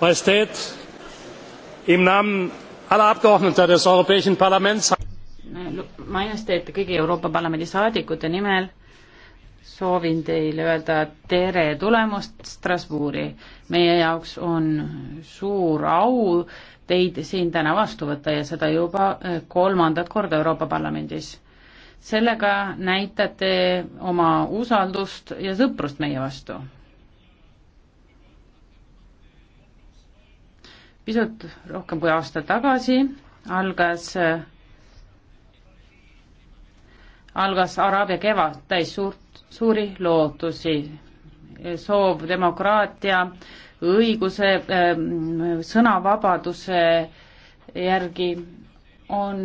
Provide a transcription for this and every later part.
majestät im namen aller abgeordneter des europäischen parlaments majesteet kõigi euroopa parlamendi saadikute nimel soovin teile öelda tere tulemast strasbourgi meie jaoks on suur au teid siin täna vastu võtta ja seda juba eh, kolmandat korda euroopa parlamendis sellega näitate oma usaldust ja sõprust meie vastu pisut rohkem kui aasta tagasi algas, algas Araabia kevad täis suurt, suuri lootusi, soov demokraatia, õiguse, ehm, sõnavabaduse järgi on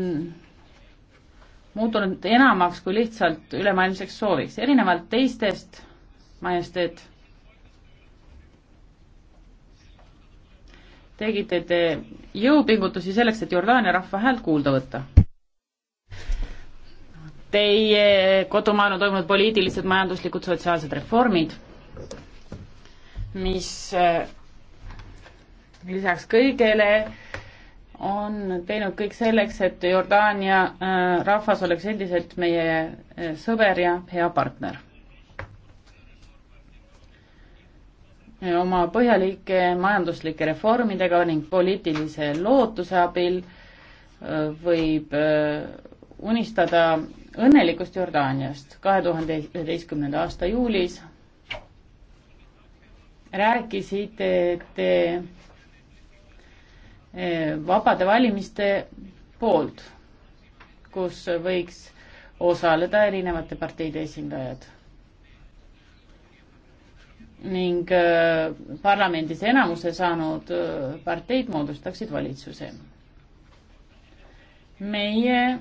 muutunud enamaks kui lihtsalt ülemaailmseks sooviks, erinevalt teistest majesteed tegite te jõupingutusi selleks, et Jordaania rahva häält kuulda võtta? Teie kodumaal on toimunud poliitilised, majanduslikud, sotsiaalsed reformid, mis äh, lisaks kõigele on teinud kõik selleks, et Jordaania äh, rahvas oleks endiselt meie äh, sõber ja hea partner oma põhjalike majanduslike reformidega ning poliitilise lootuse abil võib unistada õnnelikust Jordaaniast. kahe tuhande üheteistkümnenda aasta juulis rääkisite te vabade valimiste poolt, kus võiks osaleda erinevate parteide esindajad ning äh, parlamendis enamuse saanud äh, parteid moodustaksid valitsuse. meie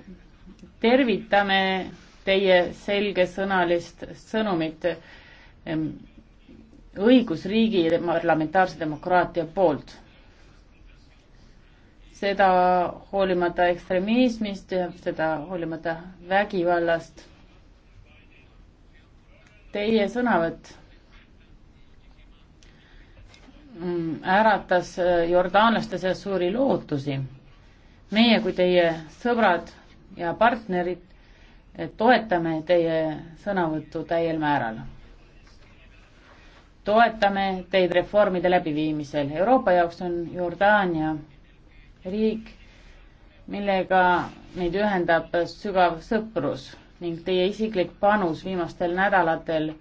tervitame teie selgesõnalist sõnumit ähm, õigusriigi ja parlamentaarse demokraatia poolt. seda hoolimata ekstremismist ja seda hoolimata vägivallast. Teie sõnavõtt Mm, äratas äh, jordaanlaste seas suuri lootusi. meie kui teie sõbrad ja partnerid toetame teie sõnavõttu täiel määral. toetame teid reformide läbiviimisel. Euroopa jaoks on Jordaania riik, millega meid ühendab sügav sõprus ning teie isiklik panus viimastel nädalatel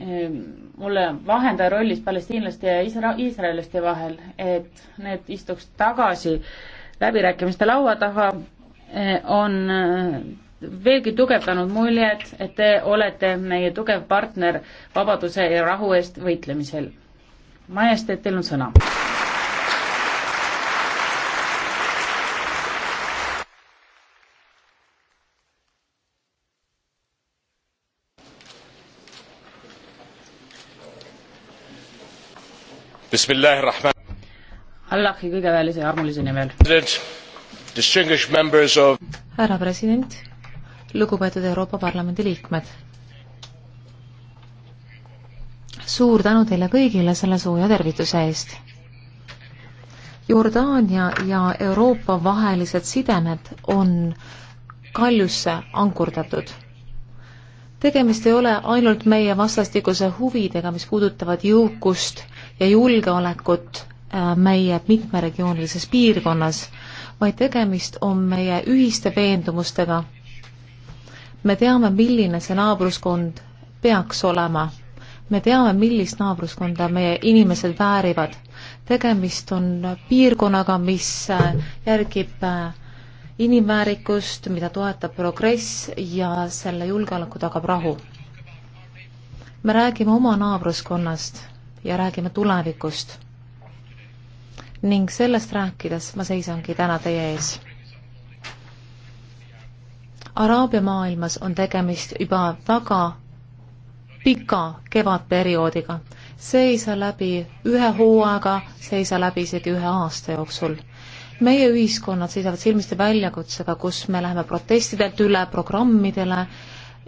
Ehm, mulle vahendaja rollis palestiinlaste ja isra-, iisraellaste vahel, et need istuks tagasi läbirääkimiste laua taha, eh, on eh, veelgi tugevdanud muljet, et te olete meie tugev partner vabaduse ja rahu eest võitlemisel. Majesteet, teil on sõna Allahi kõigeväelise ja armulise nimel. härra president, lugupeetud Euroopa Parlamendi liikmed. suur tänu teile kõigile selle sooja tervituse eest. Jordaania ja Euroopa vahelised sidemed on kaljusse ankurdatud tegemist ei ole ainult meie vastastikuse huvidega, mis puudutavad jõukust ja julgeolekut äh, meie mitmeregioonilises piirkonnas, vaid tegemist on meie ühiste veendumustega. me teame, milline see naabruskond peaks olema. me teame, millist naabruskonda meie inimesed väärivad. tegemist on piirkonnaga, mis äh, järgib äh, inimväärikust, mida toetab progress ja selle julgeoleku tagab rahu. me räägime oma naabruskonnast ja räägime tulevikust. ning sellest rääkides ma seisangi täna teie ees. Araabia maailmas on tegemist juba väga pika kevadperioodiga. see ei saa läbi ühe hooaega, see ei saa läbi isegi ühe aasta jooksul meie ühiskonnad seisavad silmisti väljakutsega, kus me läheme protestidelt üle programmidele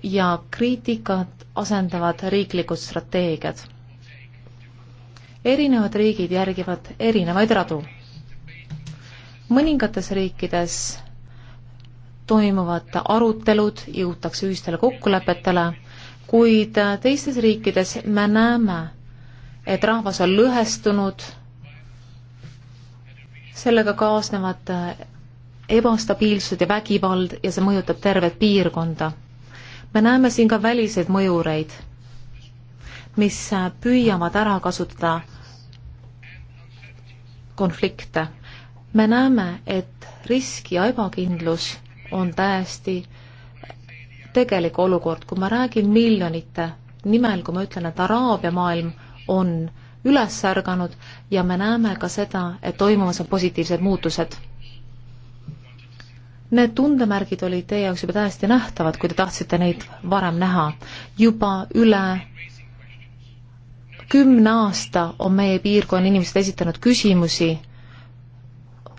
ja kriitikat asendavad riiklikud strateegiad. erinevad riigid järgivad erinevaid radu. mõningates riikides toimuvad arutelud, jõutakse ühistele kokkulepetele, kuid teistes riikides me näeme, et rahvas on lõhestunud sellega kaasnevad äh, ebastabiilsused ja vägivald ja see mõjutab tervet piirkonda. me näeme siin ka väliseid mõjureid, mis äh, püüavad ära kasutada konflikte. me näeme, et risk ja ebakindlus on täiesti tegelik olukord, kui ma räägin miljonite nimel, kui ma ütlen, et Araabia maailm on äh, üles ärganud ja me näeme ka seda, et toimumas on positiivsed muutused. Need tundemärgid olid teie jaoks juba täiesti nähtavad, kui te tahtsite neid varem näha. juba üle kümne aasta on meie piirkonna inimesed esitanud küsimusi,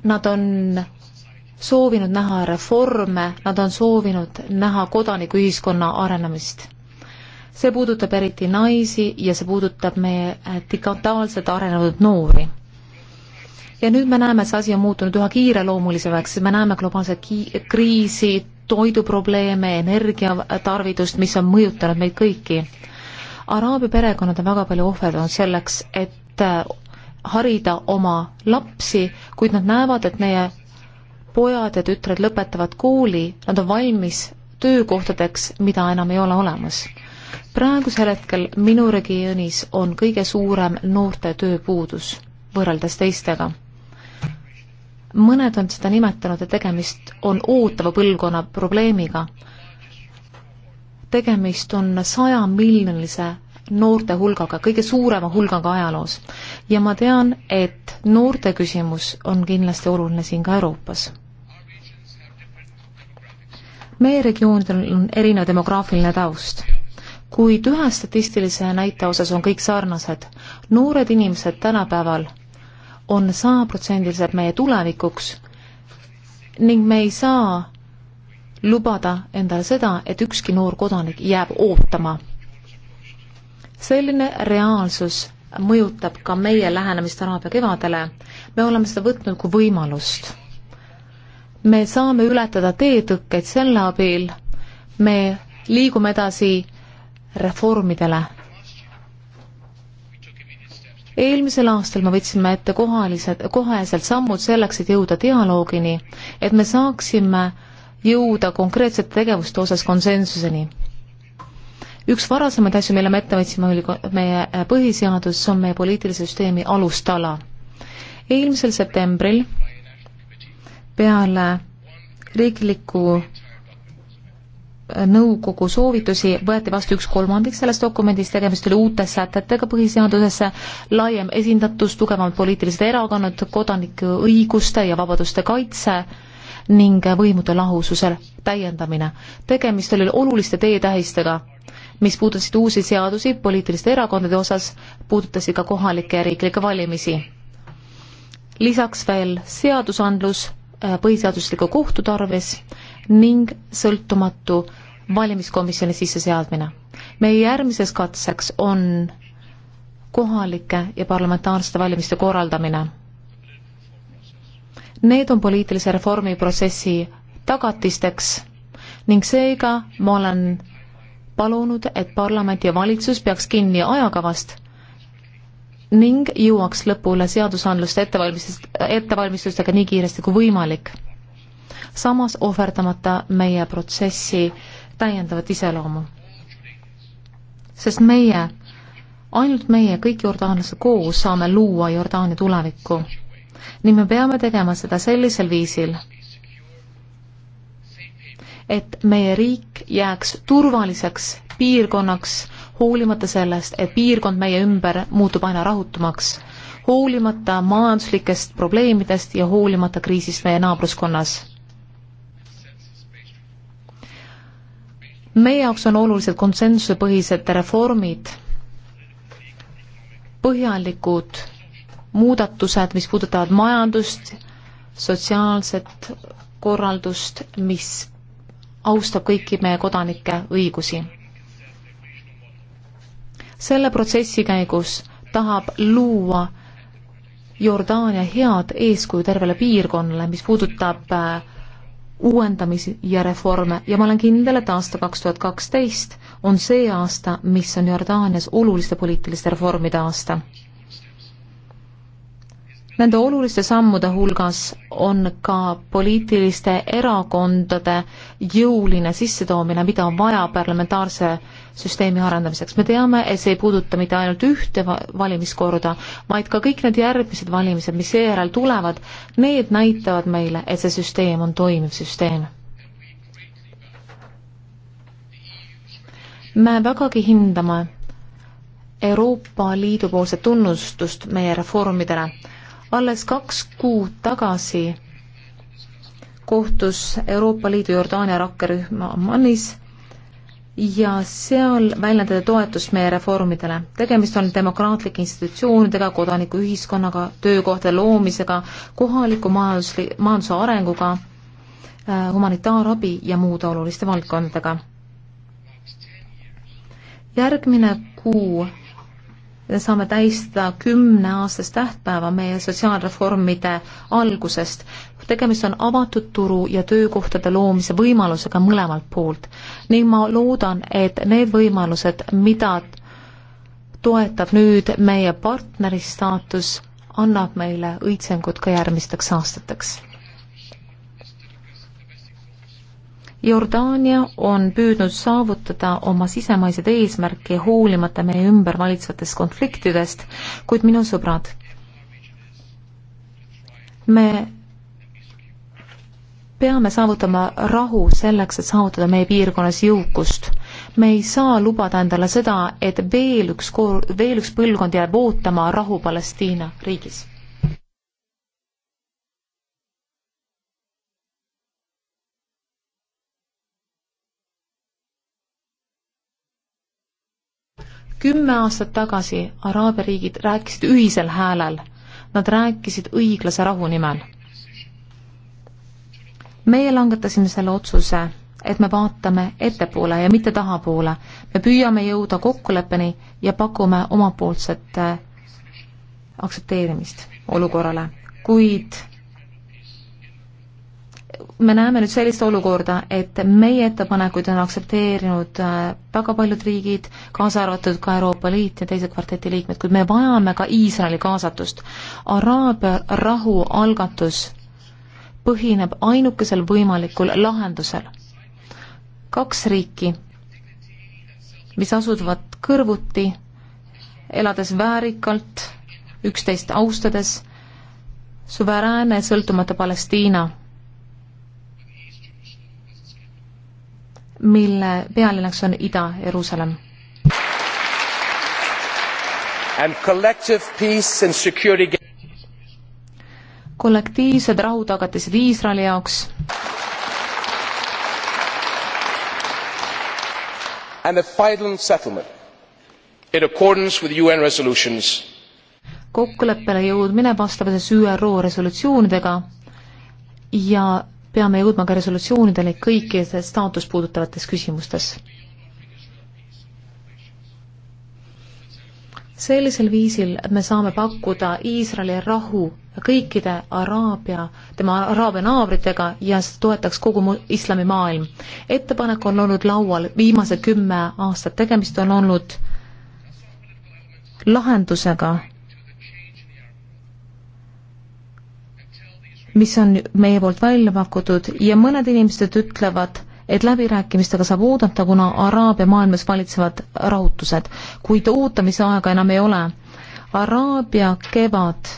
nad on soovinud näha reforme, nad on soovinud näha kodanikuühiskonna arenemist see puudutab eriti naisi ja see puudutab meie äh, digitaalselt arenenud noori. ja nüüd me näeme, et see asi on muutunud üha kiireloomulisemaks, me näeme globaalset ki-, kriisi, toiduprobleeme, energiatarvidust, mis on mõjutanud meid kõiki. Araabia perekonnad on väga palju ohverdanud selleks, et äh, harida oma lapsi, kuid nad näevad, et meie pojad ja tütred lõpetavad kooli, nad on valmis töökohtadeks, mida enam ei ole olemas praegusel hetkel minu regioonis on kõige suurem noorte tööpuudus võrreldes teistega. mõned on seda nimetanud, et tegemist on ootava põlvkonna probleemiga. tegemist on sajamiljonilise noorte hulgaga, kõige suurema hulgaga ajaloos. ja ma tean, et noorte küsimus on kindlasti oluline siin ka Euroopas. meie regioonidel on erinev demograafiline taust kuid ühe statistilise näite osas on kõik sarnased. noored inimesed tänapäeval on sajaprotsendiliselt meie tulevikuks ning me ei saa lubada endale seda, et ükski noor kodanik jääb ootama. selline reaalsus mõjutab ka meie lähenemist Araabia kevadele. me oleme seda võtnud kui võimalust. me saame ületada teetõkkeid selle abil, me liigume edasi reformidele. eelmisel aastal me võtsime ette kohalised, kohesed sammud selleks, et jõuda dialoogini, et me saaksime jõuda konkreetsete tegevuste osas konsensuseni. üks varasemaid asju, mille me ette võtsime, oli meie põhiseadus, see on meie poliitilise süsteemi alustala. eelmisel septembril peale riikliku nõukogu soovitusi võeti vastu üks kolmandik sellest dokumendist, tegemist oli uute sätetega põhiseadusesse, laiem esindatus, tugevamad poliitilised erakonnad, kodanike õiguste ja vabaduste kaitse ning võimude lahususe täiendamine. tegemist oli oluliste teetähistega, mis puudutasid uusi seadusi poliitiliste erakondade osas, puudutasid ka kohalikke ja riiklikke valimisi. lisaks veel seadusandlus äh, põhiseadusliku kohtu tarvis, ning sõltumatu valimiskomisjoni sisseseadmine. meie järgmiseks katseks on kohalike ja parlamentaarsete valimiste korraldamine. Need on poliitilise reformi protsessi tagatisteks ning seega ma olen palunud, et parlament ja valitsus peaks kinni ajakavast ning jõuaks lõpule seadusandluste ettevalmistust, ettevalmistustega nii kiiresti kui võimalik samas ohverdamata meie protsessi täiendavat iseloomu. sest meie, ainult meie, kõik jordaanlased koos saame luua Jordaania tulevikku ning me peame tegema seda sellisel viisil, et meie riik jääks turvaliseks piirkonnaks, hoolimata sellest, et piirkond meie ümber muutub aina rahutumaks, hoolimata majanduslikest probleemidest ja hoolimata kriisist meie naabruskonnas. meie jaoks on olulised konsensusepõhised reformid, põhjalikud muudatused, mis puudutavad majandust, sotsiaalset korraldust, mis austab kõiki meie kodanike õigusi. selle protsessi käigus tahab luua Jordaania head eeskuju tervele piirkonnale, mis puudutab äh, uuendamisi ja reforme ja ma olen kindel, et aasta kaks tuhat kaksteist on see aasta, mis on Jordaanias oluliste poliitiliste reformide aasta. Nende oluliste sammude hulgas on ka poliitiliste erakondade jõuline sissetoomine, mida on vaja parlamentaarse süsteemi arendamiseks. me teame, et see ei puuduta mitte ainult ühte valimiskorda, vaid ka kõik need järgmised valimised, mis seejärel tulevad, need näitavad meile, et see süsteem on toimiv süsteem. me vägagi hindame Euroopa Liidu poolset tunnustust meie reformidele alles kaks kuud tagasi kohtus Euroopa Liidu Jordaania rakkerühma Ammanis ja seal väljendada toetust meie reformidele. tegemist on demokraatlike institutsioonidega, kodanikuühiskonnaga, töökohtade loomisega, kohaliku majandusli-, majanduse arenguga, äh, humanitaarabi ja muude oluliste valdkondadega. järgmine kuu saame tähistada kümneaastast tähtpäeva meie sotsiaalreformide algusest. tegemist on avatud turu ja töökohtade loomise võimalusega mõlemalt poolt ning ma loodan, et need võimalused, mida toetab nüüd meie partneri staatus, annab meile õitsengut ka järgmisteks aastateks. Jordaania on püüdnud saavutada oma sisemaiseid eesmärke hoolimata meie ümber valitsevatest konfliktidest, kuid minu sõbrad, me peame saavutama rahu selleks, et saavutada meie piirkonnas jõukust. me ei saa lubada endale seda, et veel üks, veel üks põlvkond jääb ootama rahu Palestiina riigis kümme aastat tagasi Araabia riigid rääkisid ühisel häälel, nad rääkisid õiglase rahu nimel. meie langetasime selle otsuse, et me vaatame ettepoole ja mitte tahapoole. me püüame jõuda kokkuleppeni ja pakume omapoolset äh, aktsepteerimist olukorrale, kuid me näeme nüüd sellist olukorda, et meie ettepanekuid on aktsepteerinud äh, väga paljud riigid, kaasa arvatud ka Euroopa Liit ja teised kvarteti liikmed, kuid me vajame ka Iisraeli kaasatust. Araabia rahualgatus põhineb ainukesel võimalikul lahendusel. kaks riiki, mis asuvad kõrvuti, elades väärikalt, üksteist austades, suveräänne sõltumatu Palestiina mille pealinnaks on Ida-Jeruusalemm. kollektiivsed rahutagatised Iisraeli jaoks. and a final settlement in accordance with UN resolutions. kokkuleppele jõudmine vastavuses ÜRO resolutsioonidega ja peame jõudma ka resolutsioonidele kõikides staatust puudutavates küsimustes. sellisel viisil me saame pakkuda Iisraeli rahu kõikide Araabia, tema Araabia naabritega ja toetaks kogu islamimaailm. ettepanek on olnud laual viimased kümme aastat, tegemist on olnud lahendusega mis on meie poolt välja pakutud ja mõned inimesed ütlevad, et läbirääkimistega saab oodata, kuna Araabia maailmas valitsevad rahutused, kuid ootamise aega enam ei ole. Araabia kevad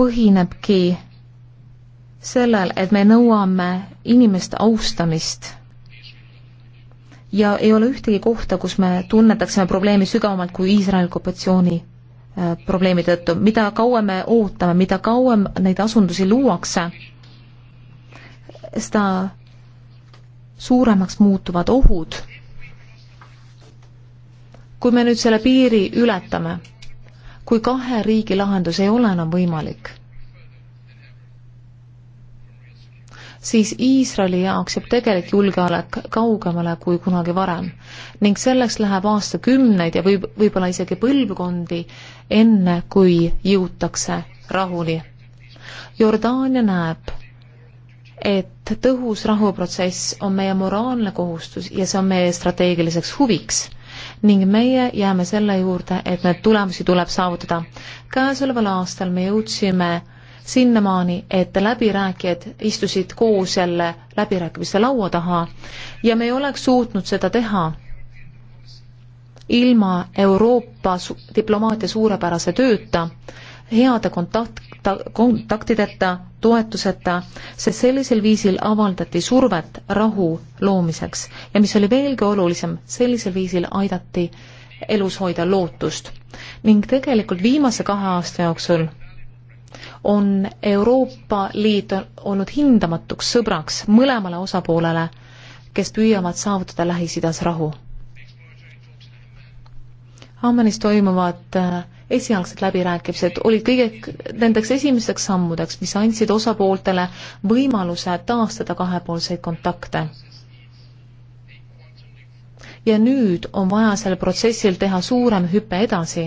põhinebki sellel, et me nõuame inimeste austamist ja ei ole ühtegi kohta, kus me tunnetaksime probleemi sügavamalt kui Iisraeli okupatsiooni Äh, probleemi tõttu, mida kauem me ootame, mida kauem neid asundusi luuakse, seda suuremaks muutuvad ohud. kui me nüüd selle piiri ületame, kui kahe riigi lahendus ei ole enam võimalik siis Iisraeli jaoks jääb tegelik julgeolek kaugemale kui kunagi varem. ning selleks läheb aastakümneid ja võib, võib-olla isegi põlvkondi, enne kui jõutakse rahuni. Jordaania näeb, et tõhus rahuprotsess on meie moraalne kohustus ja see on meie strateegiliseks huviks ning meie jääme selle juurde, et need tulemusi tuleb saavutada. käesoleval aastal me jõudsime sinnamaani, et läbirääkijad istusid koos jälle läbirääkimiste laua taha ja me ei oleks suutnud seda teha ilma Euroopa su diplomaatia suurepärase tööta, heade kontakt, kontaktideta, toetuseta, sest sellisel viisil avaldati survet rahu loomiseks ja mis oli veelgi olulisem, sellisel viisil aidati elus hoida lootust. ning tegelikult viimase kahe aasta jooksul on Euroopa Liit olnud hindamatuks sõbraks mõlemale osapoolele, kes püüavad saavutada Lähis-Idas rahu. Ammanis toimuvad äh, esialgsed läbirääkimised olid kõige nendeks esimesteks sammudeks, mis andsid osapooltele võimaluse taastada kahepoolseid kontakte. ja nüüd on vaja sellel protsessil teha suurem hüpe edasi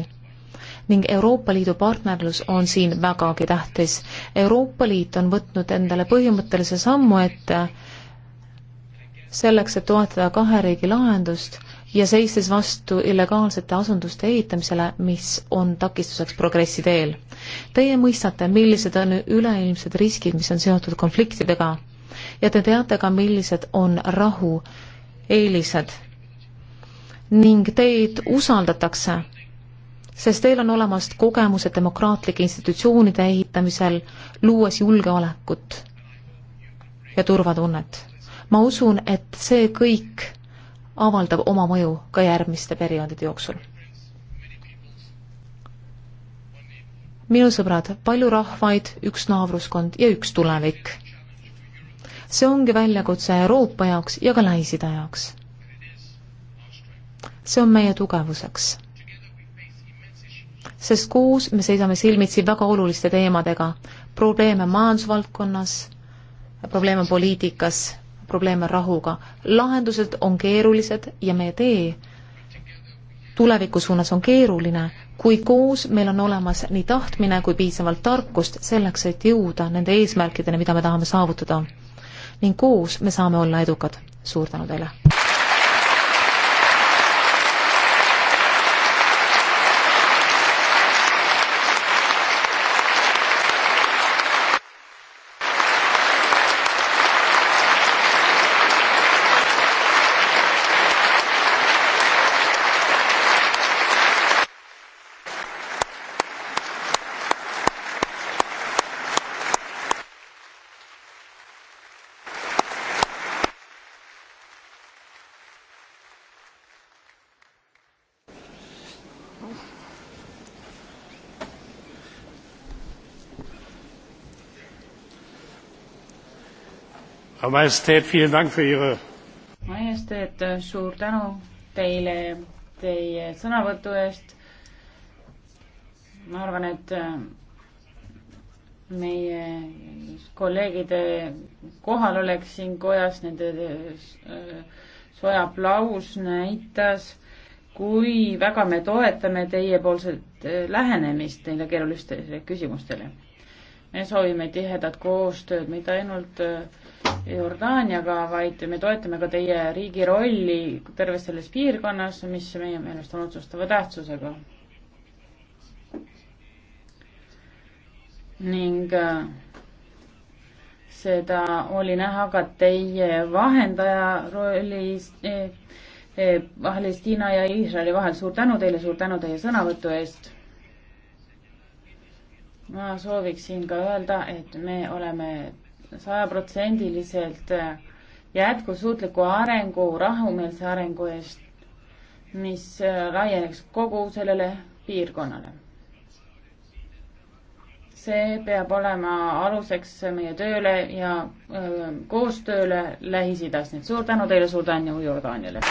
ning Euroopa Liidu partnerlus on siin vägagi tähtis. Euroopa Liit on võtnud endale põhimõttelise sammu ette selleks, et toetada kahe riigi lahendust ja seistes vastu illegaalsete asunduste ehitamisele, mis on takistuseks progressi teel. Teie mõistate, millised on üleilmsed riskid, mis on seotud konfliktidega ja te teate ka, millised on rahu eelised ning teid usaldatakse sest teil on olemas kogemused demokraatlike institutsioonide ehitamisel, luues julgeolekut ja turvatunnet. ma usun, et see kõik avaldab oma mõju ka järgmiste perioodide jooksul. minu sõbrad, palju rahvaid, üks naabruskond ja üks tulevik. see ongi väljakutse Euroopa jaoks ja ka Lähis-Ida jaoks. see on meie tugevuseks sest kuus me seisame silmitsi väga oluliste teemadega, probleeme majandusvaldkonnas, probleeme poliitikas, probleeme rahuga. lahendused on keerulised ja meie tee tuleviku suunas on keeruline, kui koos meil on olemas nii tahtmine kui piisavalt tarkust selleks, et jõuda nende eesmärkideni, mida me tahame saavutada. ning koos me saame olla edukad. suur tänu teile! majesteet, suur tänu teile teie sõnavõtu eest. ma arvan, et äh, meie kolleegide kohalolek siin kojas, nende äh, soe aplaus näitas, kui väga me toetame teiepoolset äh, lähenemist neile keerulistele küsimustele. me soovime tihedat koostööd mitte ainult äh, Jordaaniaga, vaid me toetame ka teie riigi rolli terves selles piirkonnas, mis meie meelest on otsustava tähtsusega. ning äh, seda oli näha ka teie vahendaja rollis eh, eh, Palestiina ja Iisraeli vahel. suur tänu teile, suur tänu teie sõnavõtu eest. ma sooviksin ka öelda, et me oleme sajaprotsendiliselt äh, jätkusuutliku arengu, rahumeelse arengu eest, mis äh, laieneks kogu sellele piirkonnale. see peab olema aluseks meie tööle ja öö, äh, koostööle Lähis-Idas, nii et suur tänu teile, suur tänu Jordaaniale!